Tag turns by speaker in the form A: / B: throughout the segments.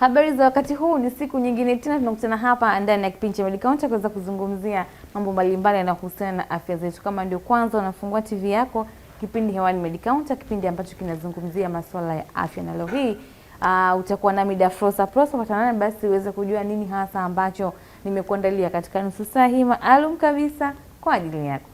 A: Habari za wakati huu, ni siku nyingine tena tunakutana hapa ndani ya kipindi cha MediCounter kuweza kuzungumzia mambo mbalimbali yanayohusiana na afya zetu. Kama ndio kwanza unafungua TV yako, kipindi hewani MediCounter, kipindi ambacho kinazungumzia masuala ya afya, na leo hii uh, utakuwa nami Dafrosa Prosa, patanana basi uweze kujua nini hasa ambacho nimekuandalia katika nusu saa hii maalum kabisa kwa ajili yako.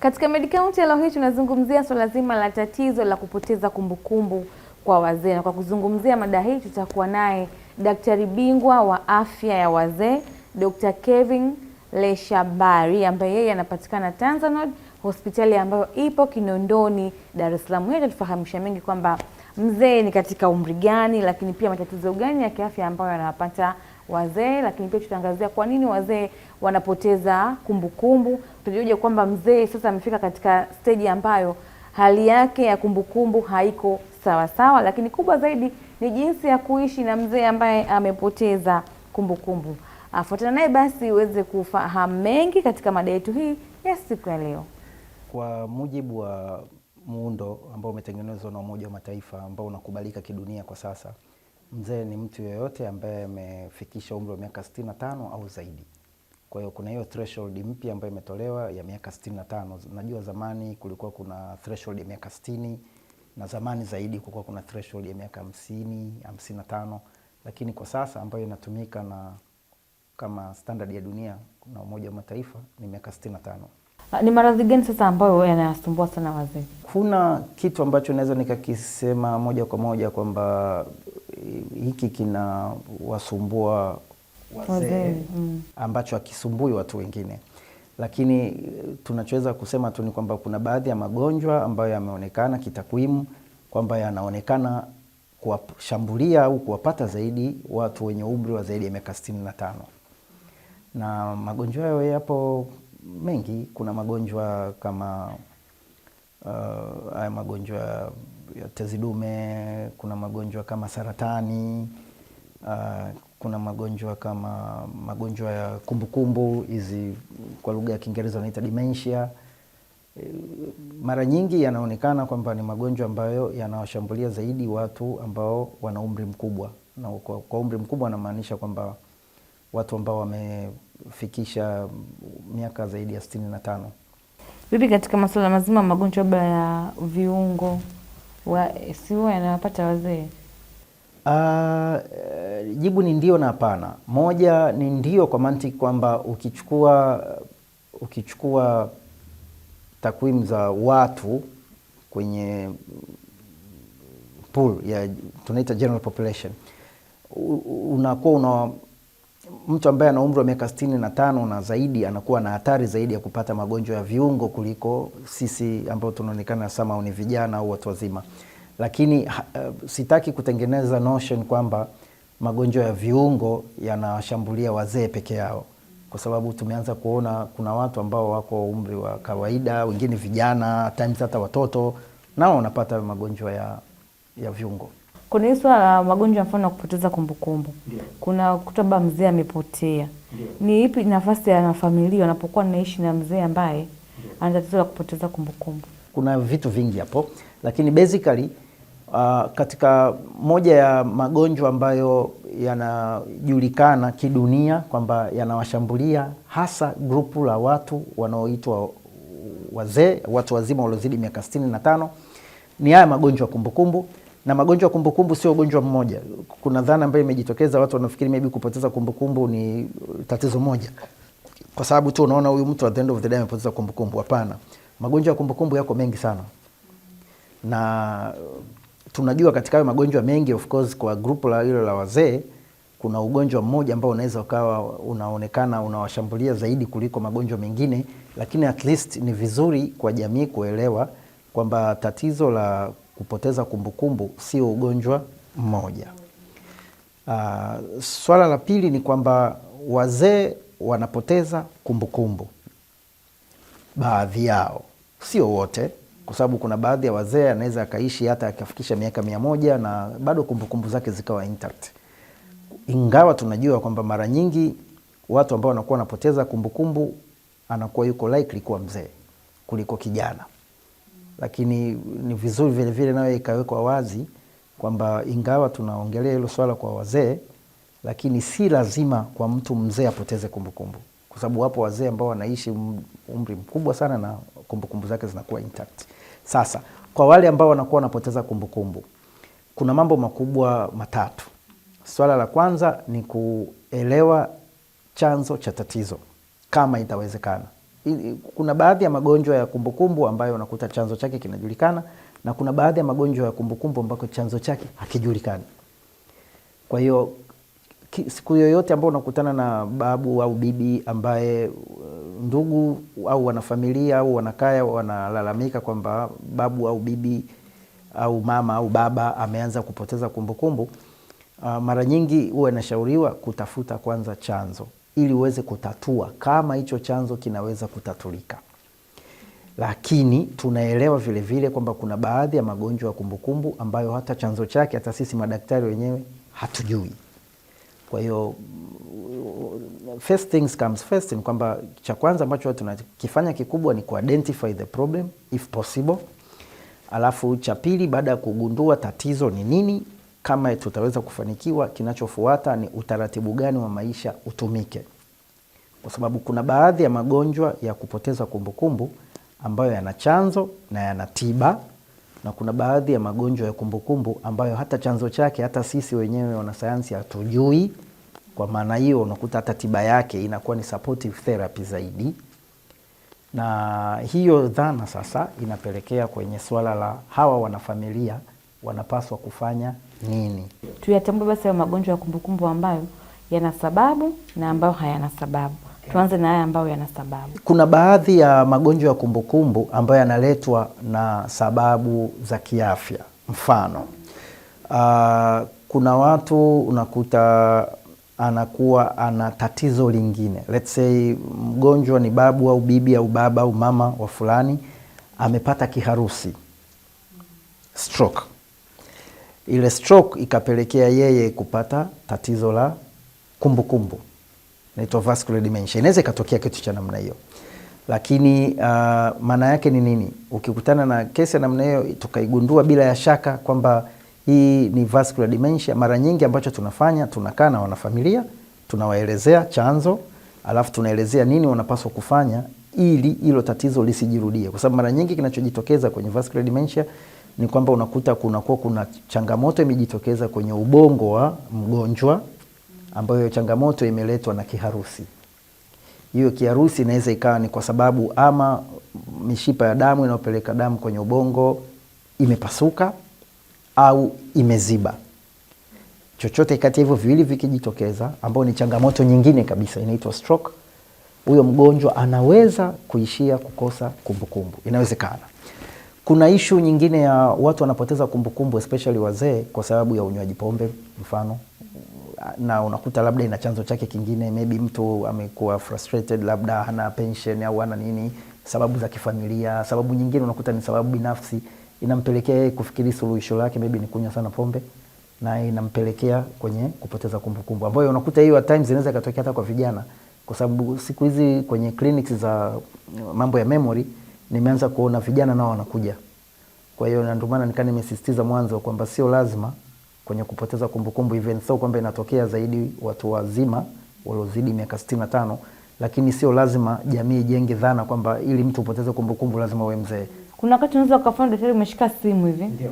A: Katika medikaunti County ya leo hii tunazungumzia swala zima la tatizo la kupoteza kumbukumbu kumbu kwa wazee, na kwa kuzungumzia mada hii tutakuwa naye daktari bingwa wa afya ya wazee Dr. Kevin Leshabari ambaye yeye anapatikana Tanzanod, hospitali ambayo ipo Kinondoni, Dar es Salaam. Yeye atafahamisha mengi kwamba mzee ni katika umri gani, lakini pia matatizo gani ya kiafya ambayo yanawapata wazee, lakini pia tutaangazia kwa nini wazee wanapoteza kumbukumbu. Tutajua kwamba mzee sasa amefika katika steji ambayo hali yake ya kumbukumbu haiko sawasawa sawa, lakini kubwa zaidi ni jinsi ya kuishi na mzee ambaye amepoteza kumbukumbu. Afuatana ah, naye basi uweze kufahamu mengi katika mada yetu hii ya siku ya leo.
B: Kwa mujibu wa muundo ambao umetengenezwa na Umoja wa Mataifa ambao unakubalika kidunia kwa sasa mzee ni mtu yeyote ambaye amefikisha umri wa miaka 65 au zaidi. Kwa hiyo kuna hiyo threshold mpya ambayo imetolewa ya miaka 65. Najua zamani kulikuwa kuna threshold ya miaka 60 na zamani zaidi kulikuwa kuna threshold ya miaka 50, 55, lakini kwa sasa ambayo inatumika na kama standard ya dunia na Umoja wa Mataifa ni miaka 65.
A: Ah, ni maradhi gani sasa ambayo yanayasumbua sana wazee?
B: Kuna kitu ambacho naweza nikakisema moja kwa moja kwamba eh, hiki kinawasumbua wazee mm, ambacho hakisumbui watu wengine, lakini eh, tunachoweza kusema tu ni kwamba kuna baadhi ya magonjwa ambayo yameonekana kitakwimu kwamba yanaonekana kuwashambulia au kuwapata zaidi watu wenye umri wa zaidi ya miaka sitini na tano na magonjwa hayo yapo mengi. Kuna magonjwa kama uh, magonjwa ya tezi dume, kuna magonjwa kama saratani uh, kuna magonjwa kama magonjwa ya kumbukumbu hizi -kumbu, kwa lugha ya Kiingereza wanaita dementia. Mara nyingi yanaonekana kwamba ni magonjwa ambayo yanawashambulia zaidi watu ambao wana umri mkubwa, na kwa, kwa umri mkubwa anamaanisha kwamba watu ambao wame kufikisha miaka zaidi ya sitini na tano.
A: Vipi katika masuala mazima magonjwa labda ya viungo si huwa yanawapata wazee?
B: Uh, jibu ni ndio na hapana. Moja ni ndio kwa mantiki kwamba ukichukua ukichukua takwimu za watu kwenye pool ya tunaita general population, unakuwa una mtu ambaye ana umri wa miaka sitini na tano na zaidi anakuwa na hatari zaidi ya kupata magonjwa ya viungo kuliko sisi ambao tunaonekana sama ni vijana au watu wazima. Lakini uh, sitaki kutengeneza notion kwamba magonjwa ya viungo yanawashambulia wazee peke yao, kwa sababu tumeanza kuona kuna watu ambao wako umri wa kawaida, wengine vijana, times hata watoto nao wanapata magonjwa ya, ya viungo
A: kuna hili swala la magonjwa, mfano ya kupoteza kumbukumbu, kuna baba mzee amepotea, ni ipi nafasi ya familia wanapokuwa naishi na mzee ambaye ana tatizo la kupoteza kumbukumbu?
B: Kuna vitu vingi hapo, lakini basically uh, katika moja ya magonjwa ambayo yanajulikana kidunia kwamba yanawashambulia hasa grupu la watu wanaoitwa wazee, watu wazima waliozidi miaka 65 na tano ni haya magonjwa ya kumbukumbu na magonjwa ya kumbukumbu sio ugonjwa mmoja. Kuna dhana ambayo imejitokeza, watu wanafikiri maybe kupoteza kumbukumbu ni tatizo moja, kwa sababu tu unaona huyu mtu at the end of the day amepoteza kumbukumbu. Hapana, magonjwa ya kumbukumbu yako mengi sana, na tunajua katika hayo magonjwa mengi, of course, kwa grupu la hilo la wazee kuna ugonjwa mmoja ambao unaweza ukawa unaonekana unawashambulia zaidi kuliko magonjwa mengine, lakini at least ni vizuri kwa jamii kuelewa kwamba tatizo la kupoteza kumbukumbu sio ugonjwa mmoja. Uh, swala la pili ni kwamba wazee wanapoteza kumbukumbu, baadhi yao, sio wote, kwa sababu kuna baadhi ya wazee anaweza akaishi hata akafikisha miaka mia moja na bado kumbukumbu zake zikawa intact, ingawa tunajua kwamba mara nyingi watu ambao wanakuwa wanapoteza kumbukumbu anakuwa yuko likely kuwa mzee kuliko kijana lakini ni vizuri vile vile nayo ikawekwa wazi kwamba ingawa tunaongelea hilo swala kwa wazee, lakini si lazima kwa mtu mzee apoteze kumbukumbu, kwa sababu wapo wazee ambao wanaishi um, umri mkubwa sana na kumbukumbu kumbu zake zinakuwa intact. Sasa kwa wale ambao wanakuwa wanapoteza kumbukumbu kumbu, kuna mambo makubwa matatu. Swala la kwanza ni kuelewa chanzo cha tatizo kama itawezekana kuna baadhi ya magonjwa ya kumbukumbu ambayo unakuta chanzo chake kinajulikana na kuna baadhi ya magonjwa ya kumbukumbu ambako chanzo chake hakijulikani. Kwa hiyo siku yoyote ambayo unakutana na babu au bibi ambaye uh, ndugu au wanafamilia au wanakaya wanalalamika kwamba babu au bibi au mama au baba ameanza kupoteza kumbukumbu, uh, mara nyingi huwa inashauriwa kutafuta kwanza chanzo ili uweze kutatua kama hicho chanzo kinaweza kutatulika. Lakini tunaelewa vile vile kwamba kuna baadhi ya magonjwa ya kumbukumbu ambayo hata chanzo chake hata sisi madaktari wenyewe hatujui. Kwa hiyo first things comes first, ni kwamba cha kwanza ambacho tunakifanya kikubwa ni kuidentify the problem if possible. Alafu cha pili, baada ya kugundua tatizo ni nini, kama tutaweza kufanikiwa, kinachofuata ni utaratibu gani wa maisha utumike, kwa sababu kuna baadhi ya magonjwa ya kupoteza kumbukumbu ambayo yana chanzo na yana tiba, na kuna baadhi ya magonjwa ya kumbukumbu ambayo hata chanzo chake hata sisi wenyewe wanasayansi hatujui. Kwa maana hiyo, unakuta hata tiba yake inakuwa ni supportive therapy zaidi, na hiyo dhana sasa inapelekea kwenye swala la hawa wanafamilia wanapaswa kufanya nini.
A: Tuyatambue basi hayo magonjwa ya kumbukumbu ambayo yana sababu na ambayo hayana sababu. Tuanze na haya ambayo yana sababu.
B: Kuna baadhi ya magonjwa ya kumbukumbu ambayo yanaletwa na sababu za kiafya. Mfano, uh, kuna watu unakuta anakuwa ana tatizo lingine, let's say mgonjwa ni babu au bibi au baba au mama wa fulani, amepata kiharusi stroke ile stroke ikapelekea yeye kupata tatizo la kumbukumbu naitwa vascular dementia. Inaweza ikatokea kitu cha namna hiyo, lakini uh, maana yake ni nini? Ukikutana na kesi ya namna hiyo tukaigundua bila ya shaka kwamba hii ni vascular dementia, mara nyingi ambacho tunafanya tunakaa na wanafamilia, tunawaelezea chanzo, alafu tunaelezea nini wanapaswa kufanya ili hilo tatizo lisijirudie, kwa sababu mara nyingi kinachojitokeza kwenye vascular dementia ni kwamba unakuta kunakuwa kuna changamoto imejitokeza kwenye ubongo wa mgonjwa ambayo changamoto imeletwa na kiharusi. Hiyo kiharusi inaweza ikawa ni kwa sababu ama mishipa ya damu inayopeleka damu kwenye ubongo imepasuka au imeziba. Chochote kati ya hivyo viwili vikijitokeza, ambayo ni changamoto nyingine kabisa, inaitwa stroke, huyo mgonjwa anaweza kuishia kukosa kumbukumbu, inawezekana. Kuna ishu nyingine ya watu wanapoteza kumbukumbu especially wazee kwa sababu ya unywaji pombe mfano, na unakuta labda ina chanzo chake kingine, maybe mtu amekuwa frustrated, labda hana pension au hana nini, sababu za kifamilia. Sababu nyingine unakuta ni sababu binafsi, inampelekea yeye kufikiri suluhisho lake maybe ni kunywa sana pombe na inampelekea kwenye kupoteza kumbukumbu, ambayo unakuta hiyo at times inaweza ikatokea hata kwa vijana, kwa sababu siku hizi kwenye clinics za mambo ya memory nimeanza kuona vijana nao wanakuja kwa hiyo ndio maana nikaa nimesisitiza mwanzo kwamba sio lazima kwenye kupoteza kumbukumbu even so kwamba inatokea zaidi watu wazima waliozidi miaka 65, lakini sio lazima jamii ijenge dhana kwamba ili mtu upoteze kumbukumbu lazima uwe mzee.
A: Kuna wakati unaweza ukafanya daftari, umeshika simu hivi, ndio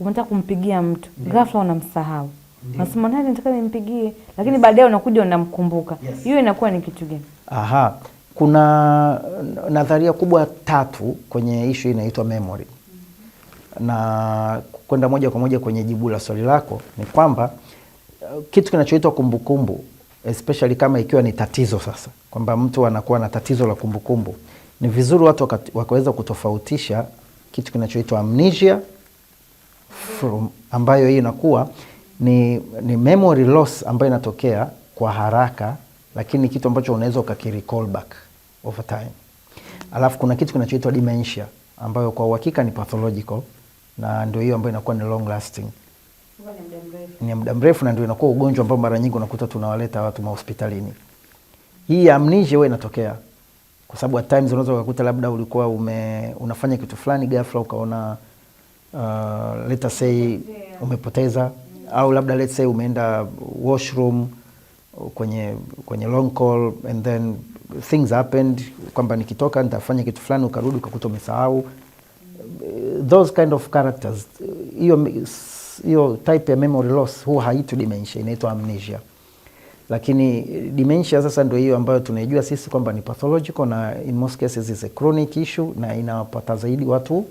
A: unataka kumpigia mtu, ghafla unamsahau, nasema nani nataka nimpigie, lakini yes. baadaye unakuja unamkumbuka. Hiyo yes. inakuwa ni kitu gani?
B: Aha, kuna nadharia kubwa tatu kwenye ishu inaitwa memory na kwenda moja kwa moja kwenye jibu la swali lako ni kwamba uh, kitu kinachoitwa kumbukumbu, especially kama ikiwa ni tatizo sasa, kwamba mtu anakuwa na tatizo la kumbukumbu -kumbu. Ni vizuri watu wakaweza kutofautisha kitu kinachoitwa amnesia from, ambayo hii inakuwa ni, ni memory loss ambayo inatokea kwa haraka, lakini kitu ambacho unaweza ukakirecall back over time. Alafu kuna kitu kinachoitwa dementia ambayo kwa uhakika ni pathological na ndio hiyo ambayo inakuwa ni long lasting, ni muda mrefu, na ndio inakuwa ugonjwa ambao mara nyingi unakuta tunawaleta watu mahospitalini. Hii amnesia huwa inatokea kwa sababu at times unaweza ukakuta labda ulikuwa ume, unafanya kitu fulani ghafla ukaona uh, let us say umepoteza mm. au labda let's say umeenda washroom uh, kwenye kwenye long call and then things happened, kwamba nikitoka nitafanya kitu fulani, ukarudi ukakuta umesahau those kind of characters, hiyo hiyo type ya memory loss huwa haitu dementia, inaitwa amnesia. Lakini eh, dementia sasa ndio hiyo ambayo tunaijua sisi kwamba ni pathological na in most cases is a chronic issue, na inawapata zaidi watu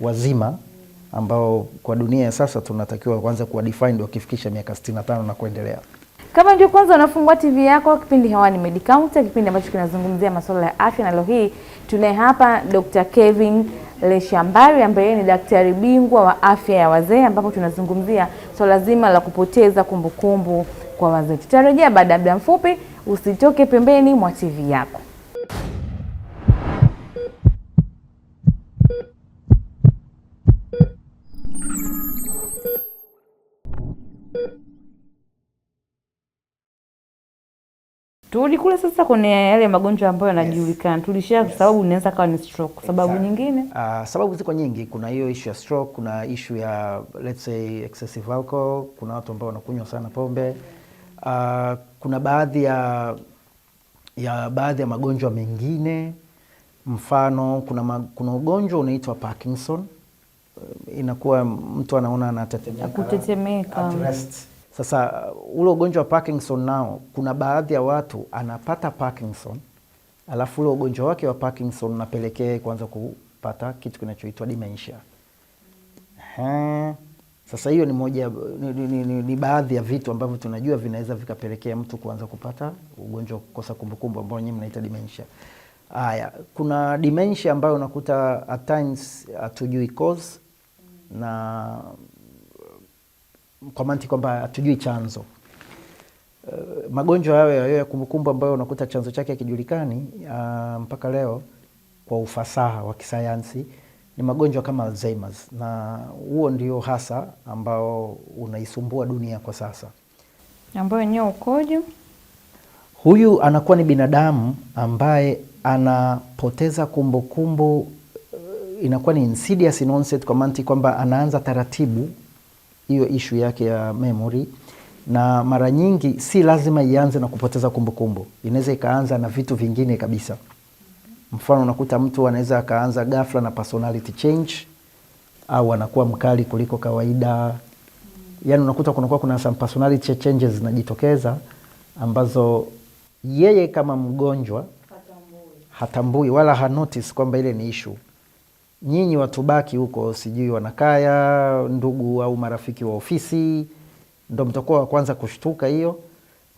B: wazima ambao kwa dunia ya sasa tunatakiwa kwanza kuwa defined wakifikisha miaka 65 na kuendelea.
A: Kama ndio kwanza unafungua TV yako, kipindi hewani Medicounter, kipindi ambacho kinazungumzia masuala ya afya, na leo hii tunaye hapa Dr. Kevin Leshambari ambaye ni daktari bingwa wa afya ya wazee, ambapo tunazungumzia swala so zima la kupoteza kumbukumbu kumbu kwa wazee. Tutarejea baada ya muda mfupi, usitoke pembeni mwa TV yako. turudi kule sasa kwenye yale magonjwa ambayo yanajulikana yes. Tulishia yes. Sababu inaweza kawa ni stroke sababu exactly. Nyingine
B: uh, sababu ziko nyingi. Kuna hiyo issue ya stroke, kuna issue ya let's say excessive alcohol, kuna watu ambao wanakunywa sana pombe uh, kuna baadhi ya ya baadhi ya magonjwa mengine, mfano kuna, ma, kuna ugonjwa unaitwa Parkinson, inakuwa mtu anaona anatetemeka,
A: kutetemeka
B: sasa uh, ule ugonjwa wa Parkinson nao kuna baadhi ya watu anapata Parkinson alafu ule ugonjwa wake wa Parkinson unapelekea kuanza kupata kitu kinachoitwa dementia. Sasa hiyo ni moja ni, ni, ni, ni baadhi ya vitu ambavyo tunajua vinaweza vikapelekea mtu kuanza kupata ugonjwa wa kukosa kumbukumbu ambao nyinyi mnaita dementia. Haya, kuna dementia ambayo unakuta at times hatujui cause na kwa mantiki kwamba hatujui chanzo. Uh, magonjwa hayo hayo ya kumbukumbu ambayo unakuta chanzo chake akijulikani uh, ah, mpaka leo kwa ufasaha wa kisayansi ni magonjwa kama Alzheimer's, na huo ndio hasa ambao unaisumbua dunia kwa sasa.
A: Ambayo wenyewe ukoje? Huyu anakuwa ni binadamu ambaye anapoteza kumbukumbu kumbu, eh, inakuwa ni insidious onset kwa mantiki kwamba anaanza taratibu hiyo ishu yake ya memory, na mara nyingi si lazima ianze na kupoteza kumbukumbu, inaweza ikaanza na vitu vingine kabisa. Mfano, unakuta mtu anaweza akaanza ghafla na personality change, au anakuwa mkali kuliko kawaida. Yani unakuta kunakuwa kuna some personality changes zinajitokeza ambazo yeye kama mgonjwa hatambui, hatambui wala hanotice kwamba ile ni issue nyinyi watubaki huko, sijui wanakaya, ndugu au marafiki wa ofisi, ndo mtakuwa wa kwanza kushtuka hiyo.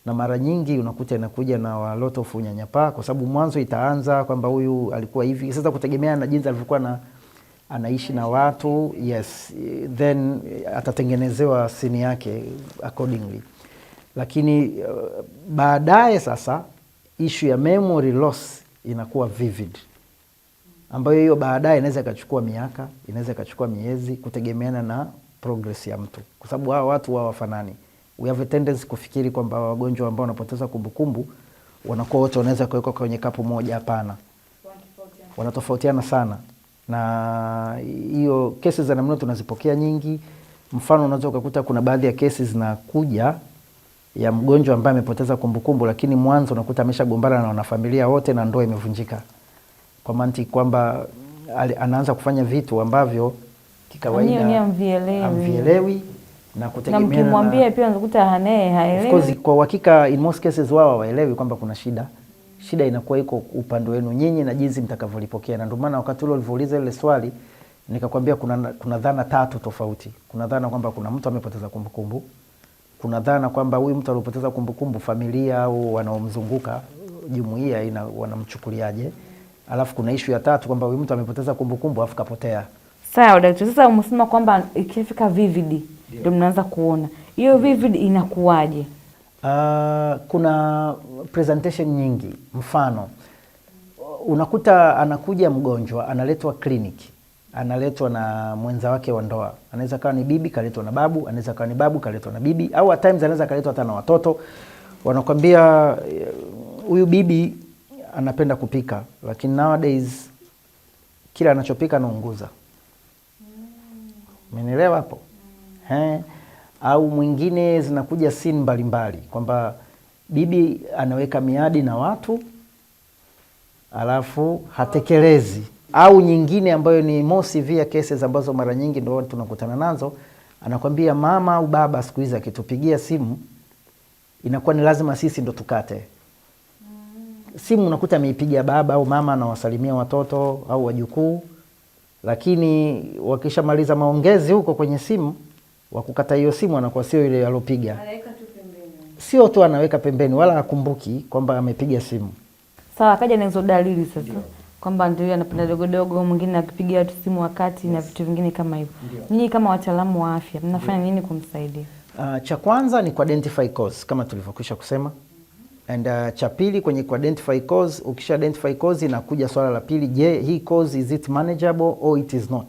A: Na mara nyingi unakuta inakuja na a lot of unyanyapaa, kwa sababu mwanzo itaanza kwamba huyu alikuwa hivi. Sasa kutegemea na jinsi alivyokuwa na anaishi na watu yes, then eh, atatengenezewa sini yake accordingly. Lakini uh, baadaye sasa ishu ya memory loss inakuwa vivid ambayo hiyo baadaye inaweza ikachukua miaka, inaweza ikachukua miezi kutegemeana na progress ya mtu, kwa sababu hawa watu wao wafanani. We have a tendency kufikiri kwamba wagonjwa ambao wanapoteza kumbukumbu wanakuwa wote wanaweza kuwekwa kwenye kapu moja. Hapana, wanatofautiana sana, na hiyo kesi za namna tunazipokea nyingi. Mfano, unaweza ukakuta kuna baadhi ya kesi zinakuja ya mgonjwa ambaye amepoteza kumbukumbu, lakini mwanzo unakuta ameshagombana na wanafamilia wote na ndoa imevunjika kwa mantiki kwamba anaanza kufanya vitu ambavyo kikawaidaamvielewi na kutegemeanamkimwambia pia nakuta hanee haelewi. kwa uhakika in most cases wao hawaelewi kwamba kuna shida. Shida inakuwa iko upande wenu nyinyi na jinsi mtakavyolipokea, na ndio maana wakati ule ulivyouliza ile swali nikakwambia kuna, kuna dhana tatu tofauti. Kuna dhana kwamba kuna mtu amepoteza kumbukumbu, kuna dhana kwamba huyu mtu aliopoteza kumbukumbu familia au wanaomzunguka jumuia ina wanamchukuliaje alafu kuna ishu ya tatu kwamba huyu mtu amepoteza kumbukumbu alafu kapotea. Sawa daktari, sasa umesema kwamba ikifika vividi ndio mnaanza kuona hiyo vivid, inakuwaje? Uh, kuna presentation nyingi. Mfano, unakuta anakuja mgonjwa analetwa kliniki, analetwa na mwenza wake wa ndoa. Anaweza kawa ni bibi kaletwa na babu, anaweza kawa ni babu kaletwa na bibi, au at times anaweza kaletwa hata na watoto. Wanakwambia eh, huyu bibi anapenda kupika, lakini nowadays kila anachopika anaunguza. Umenielewa hapo? Mm. Eh? Au mwingine zinakuja sini mbalimbali kwamba bibi anaweka miadi na watu alafu hatekelezi, au nyingine ambayo ni mosivia via cases ambazo mara nyingi ndo tunakutana nazo, anakwambia mama au baba siku hizi akitupigia simu inakuwa ni lazima sisi ndo tukate simu unakuta ameipiga baba au mama, anawasalimia watoto au wajukuu, lakini wakishamaliza maongezi huko kwenye simu, wakukata hiyo simu anakuwa sio ile alopiga, sio tu anaweka pembeni, wala akumbuki kwamba amepiga simu. Sawa, akaja na hizo dalili sasa kwamba ndio anapenda dogodogo, mwingine akipiga watu simu wakati yes, na vitu vingine kama hivyo. Nyinyi kama wataalamu wa afya mnafanya nini kumsaidia? Uh, cha kwanza ni kuidentify cause kama tulivyokwisha kusema And uh, cha pili kwenye ku identify cause, ukisha identify cause inakuja swala la pili, je, hii cause is it manageable or it is not?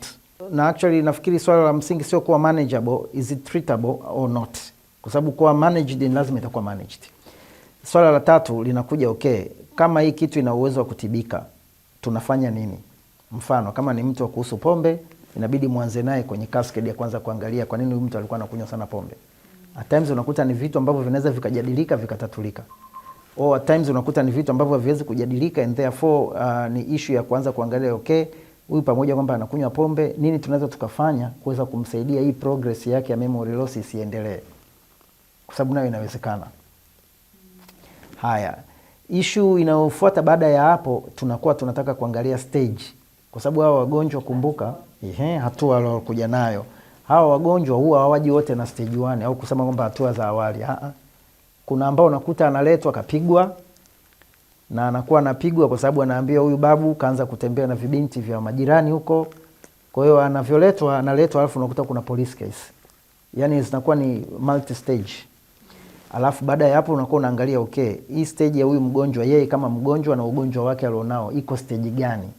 A: Na actually nafikiri swala la msingi sio kuwa manageable, is it treatable or not? Kwa sababu kuwa managed ni lazima itakuwa managed. Swala la tatu linakuja okay, kama hii kitu ina uwezo wa kutibika, tunafanya nini? Mfano kama ni mtu wa kuhusu pombe, inabidi mwanze naye kwenye cascade ya kwanza kuangalia kwa nini huyu mtu alikuwa anakunywa sana pombe. At times unakuta ni vitu ambavyo vinaweza vikajadilika, vikatatulika or at times unakuta ni vitu ambavyo haviwezi kujadilika and therefore uh, ni issue ya kuanza kuangalia okay, huyu pamoja kwamba anakunywa pombe, nini tunaweza tukafanya kuweza kumsaidia hii progress yake ya memory loss isiendelee, kwa sababu nayo inawezekana. Haya, issue inayofuata baada ya hapo tunakuwa tunataka kuangalia stage, kwa sababu hawa wagonjwa kumbuka, ehe, hatua alokuja nayo hawa wagonjwa huwa hawaji wote na stage 1 au kusema kwamba hatua za awali. Haa. Kuna ambao unakuta analetwa kapigwa na anakuwa anapigwa kwa sababu anaambia huyu babu kaanza kutembea na vibinti vya majirani huko. Kwa hiyo anavyoletwa, analetwa alafu unakuta kuna police case, yani zinakuwa ni multi stage. Alafu baada ya hapo unakuwa unaangalia okay, hii stage ya huyu mgonjwa, yeye kama mgonjwa na ugonjwa wake alionao iko stage gani?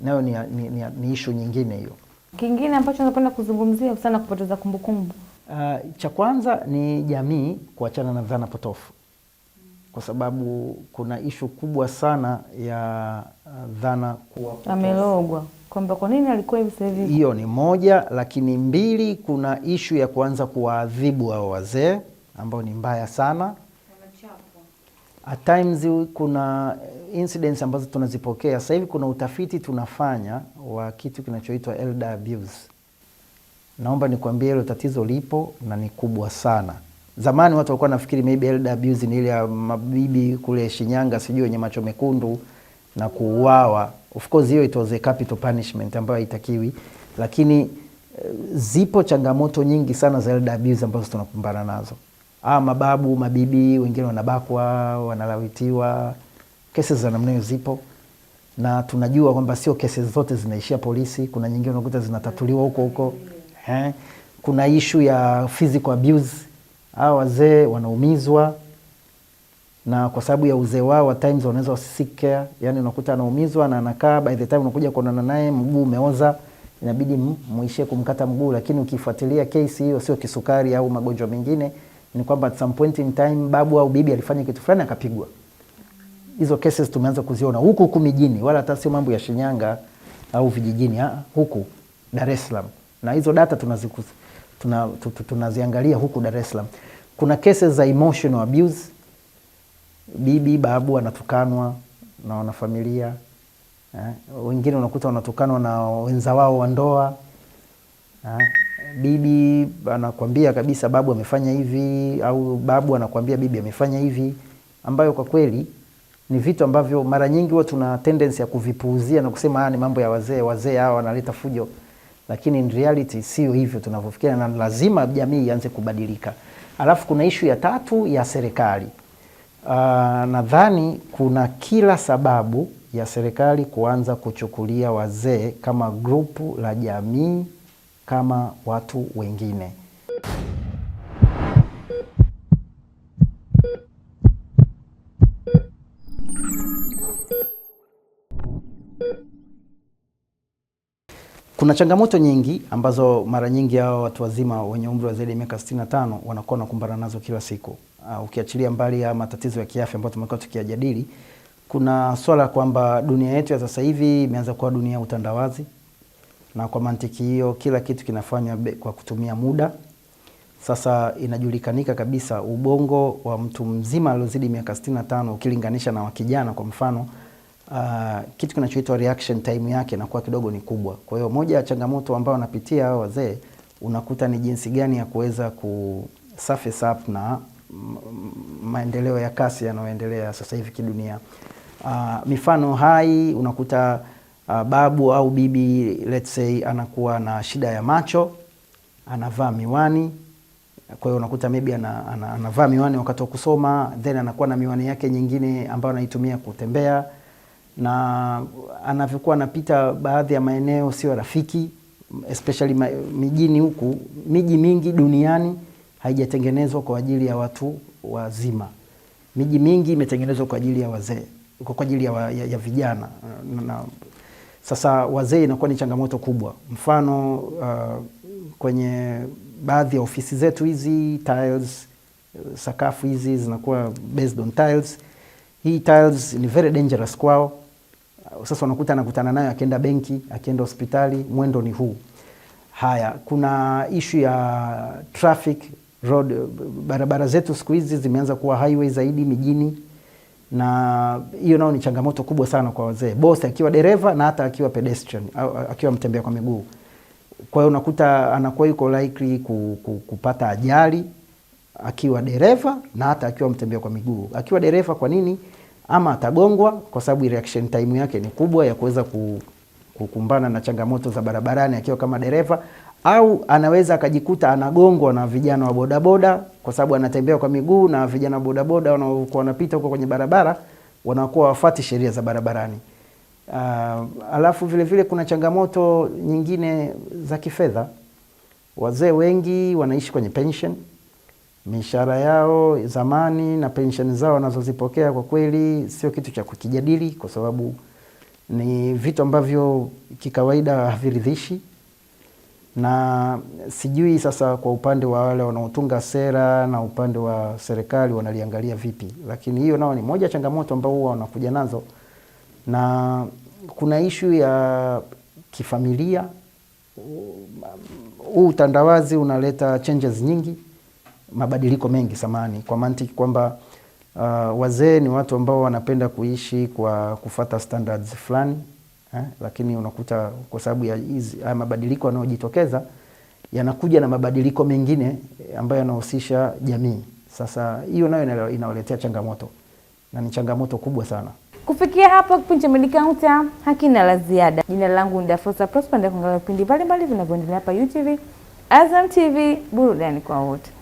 A: Nayo ni, ni, ni, ni issue nyingine hiyo. Kingine ambacho napenda kuzungumzia sana kupoteza kumbukumbu kumbu. Uh, cha kwanza ni jamii kuachana na dhana potofu, kwa sababu kuna ishu kubwa sana ya uh, dhana kuwa amelogwa kwamba kwa nini alikuwa hivi sasa hivi. Hiyo ni moja, lakini mbili, kuna ishu ya kuanza kuwaadhibu hao wazee ambao ni mbaya sana. At times kuna incidents ambazo tunazipokea sasa hivi. Kuna utafiti tunafanya wa kitu kinachoitwa elder abuse naomba nikwambie hilo tatizo lipo na ni kubwa sana. Zamani watu walikuwa nafikiri maybe elder abuse ni ile ya mabibi kule Shinyanga, sijui wenye macho mekundu na kuuawa. Of course hiyo it was a capital punishment ambayo haitakiwi, lakini eh, zipo changamoto nyingi sana za elder abuse ambazo tunakumbana nazo. Ah, mababu mabibi wengine wanabakwa, wanalawitiwa, kesi za namna hiyo zipo, na tunajua kwamba sio kesi zote zinaishia polisi. Kuna nyingine unakuta zinatatuliwa huko huko eh. Kuna ishu ya physical abuse, hawa wazee wanaumizwa na kwa sababu ya uzee wao at times wanaweza wasisik yani unakuta anaumizwa na anakaa, by the time unakuja kuonana naye mguu umeoza, inabidi muishie kumkata mguu. Lakini ukifuatilia kesi hiyo, sio kisukari au magonjwa mengine, ni kwamba at some point in time babu au bibi alifanya kitu fulani akapigwa. Hizo cases tumeanza kuziona huku huku mijini, wala hata sio mambo ya Shinyanga au vijijini, ha? Ah, huku Dar es Salaam na hizo data tunazikus, tuna, tunaziangalia huku Dar es Salaam. Kuna cases za emotional abuse, bibi babu anatukanwa na wanafamilia eh, wengine unakuta wanatukanwa na wenza wao wa ndoa eh, bibi anakwambia kabisa babu amefanya hivi, au babu anakwambia bibi amefanya hivi, ambayo kwa kweli ni vitu ambavyo mara nyingi huwa tuna tendency ya kuvipuuzia na kusema haya ah, ni mambo ya wazee, wazee hawa wanaleta fujo lakini in reality sio hivyo tunavyofikiria, na lazima jamii ianze kubadilika. Alafu kuna ishu ya tatu ya serikali. Uh, nadhani kuna kila sababu ya serikali kuanza kuchukulia wazee kama grupu la jamii kama watu wengine. Kuna changamoto nyingi ambazo mara nyingi hao watu wazima wenye umri wa zaidi ya miaka 65 wanakuwa wanakumbana nazo kila siku. Uh, ukiachilia mbali ya matatizo ya kiafya ambayo tumekuwa tukiyajadili, kuna swala kwamba dunia yetu ya sasa hivi imeanza kuwa dunia ya utandawazi, na kwa mantiki hiyo kila kitu kinafanywa kwa kutumia muda. Sasa inajulikanika kabisa ubongo wa mtu mzima aliozidi miaka 65 ukilinganisha na wakijana kwa mfano uh, kitu kinachoitwa reaction time yake inakuwa kidogo ni kubwa. Kwa hiyo moja ya changamoto ambayo wanapitia hao wazee unakuta ni jinsi gani ya kuweza ku surface up na maendeleo ya kasi yanayoendelea sasa hivi kidunia. Uh, mifano hai unakuta uh, babu au bibi let's say anakuwa na shida ya macho, anavaa miwani kwa hiyo unakuta maybe anavaa ana, ana, miwani wakati wa kusoma then anakuwa na miwani yake nyingine ambayo anaitumia kutembea na anavyokuwa anapita baadhi ya maeneo sio rafiki, especially ma, mijini huku, miji mingi duniani haijatengenezwa kwa ajili ya watu wazima. Miji mingi imetengenezwa kwa ajili ya wazee, kwa ajili ya, ya, ya vijana na, sasa wazee inakuwa ni changamoto kubwa. Mfano uh, kwenye baadhi ya ofisi zetu hizi tiles, sakafu hizi zinakuwa based on tiles. Hii tiles ni very dangerous kwao Uh, sasa unakuta anakutana nayo akienda benki, akienda hospitali, mwendo ni huu. Haya, kuna ishu ya traffic road, uh, barabara zetu siku hizi zimeanza kuwa highway zaidi mijini, na hiyo nao ni changamoto kubwa sana kwa wazee, both akiwa dereva na hata akiwa pedestrian uh, akiwa mtembea kwa miguu. Kwa hiyo unakuta anakuwa yuko likely ku, ku, kupata ajali akiwa dereva na hata akiwa mtembea kwa miguu. Akiwa dereva kwa nini? ama atagongwa kwa sababu reaction time yake ni kubwa ya kuweza kukumbana na changamoto za barabarani akiwa kama dereva, au anaweza akajikuta anagongwa na vijana wa bodaboda kwa sababu anatembea kwa miguu, na vijana wa bodaboda wanaokuwa wanapita huko kwenye barabara wanakuwa wafati sheria za barabarani. Uh, alafu vile vile kuna changamoto nyingine za kifedha. Wazee wengi wanaishi kwenye pension mishahara yao zamani na pensheni zao wanazozipokea kwa kweli sio kitu cha kukijadili, kwa sababu ni vitu ambavyo kikawaida haviridhishi. Na sijui sasa kwa upande wa wale wanaotunga sera na upande wa serikali wanaliangalia vipi, lakini hiyo nao ni moja changamoto ambao huwa wanakuja nazo, na kuna ishu ya kifamilia. Huu utandawazi unaleta changes nyingi mabadiliko mengi samani, kwa mantiki kwamba uh, wazee ni watu ambao wanapenda kuishi kwa kufata standards fulani eh, lakini unakuta kwa sababu ya hizi haya mabadiliko yanayojitokeza yanakuja na mabadiliko mengine ambayo yanahusisha jamii. Sasa hiyo nayo inawaletea changamoto na ni changamoto kubwa sana. Kufikia hapo kipindi cha Medi Counter hakina la ziada. Jina langu ni Dafosa Prosper, ndio kuangalia vipindi mbalimbali vinavyoendelea hapa UTV, Azam TV, burudani kwa wote.